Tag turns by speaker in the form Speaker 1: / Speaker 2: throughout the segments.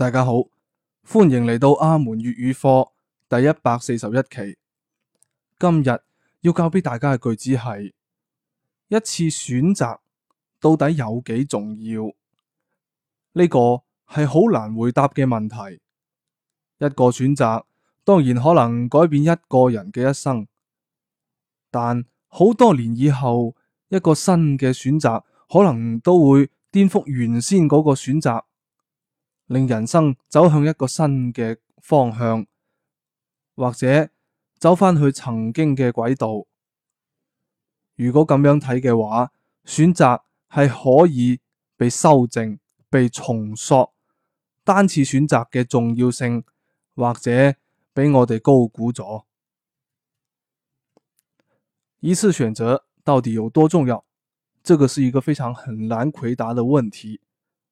Speaker 1: 大家好，歡迎嚟到阿門粵語課第一百四十一期。今日要教俾大家嘅句子係：一次選擇到底有幾重要？呢個係好難回答嘅問題。一個選擇當然可能改變一個人嘅一生，但好多年以後，一個新嘅選擇可能都會顛覆原先嗰個選擇。令人生走向一個新嘅方向，或者走翻去曾經嘅軌道。如果咁樣睇嘅話，選擇係可以被修正、被重塑，單次選擇嘅重要性，或者俾我哋高估咗。一次選擇到底有多重要？這個是一個非常很難回答的問題。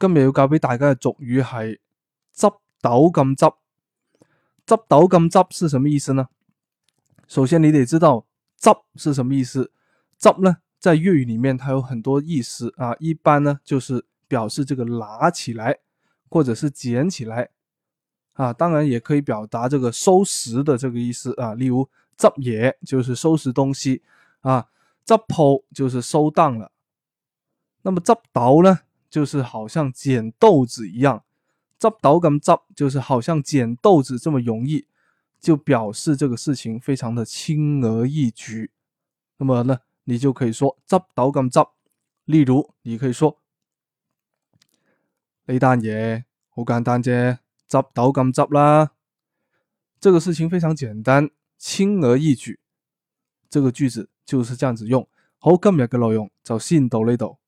Speaker 1: 今日要教俾大家嘅俗語係執豆咁執，執豆咁執是什麼意思呢？首先你得知道執是什麼意思？執呢在粵語裏面它有很多意思啊，一般呢就是表示這個拿起來，或者是撿起來啊，當然也可以表達這個收拾的這個意思啊，例如執嘢就是收拾東西啊，執鋪就是收檔了，那麼執豆呢？就是好像撿豆子一樣，執豆咁執，就是好像撿豆子這麼容易，就表示這個事情非常的輕而易舉。那麼呢，你就可以說執豆咁執。例如，你可以說呢單嘢好簡單啫，執豆咁執啦，這個事情非常簡單，輕而易舉。這個句子就是這樣子用。好、這個，今日嘅內容就先到呢度。這個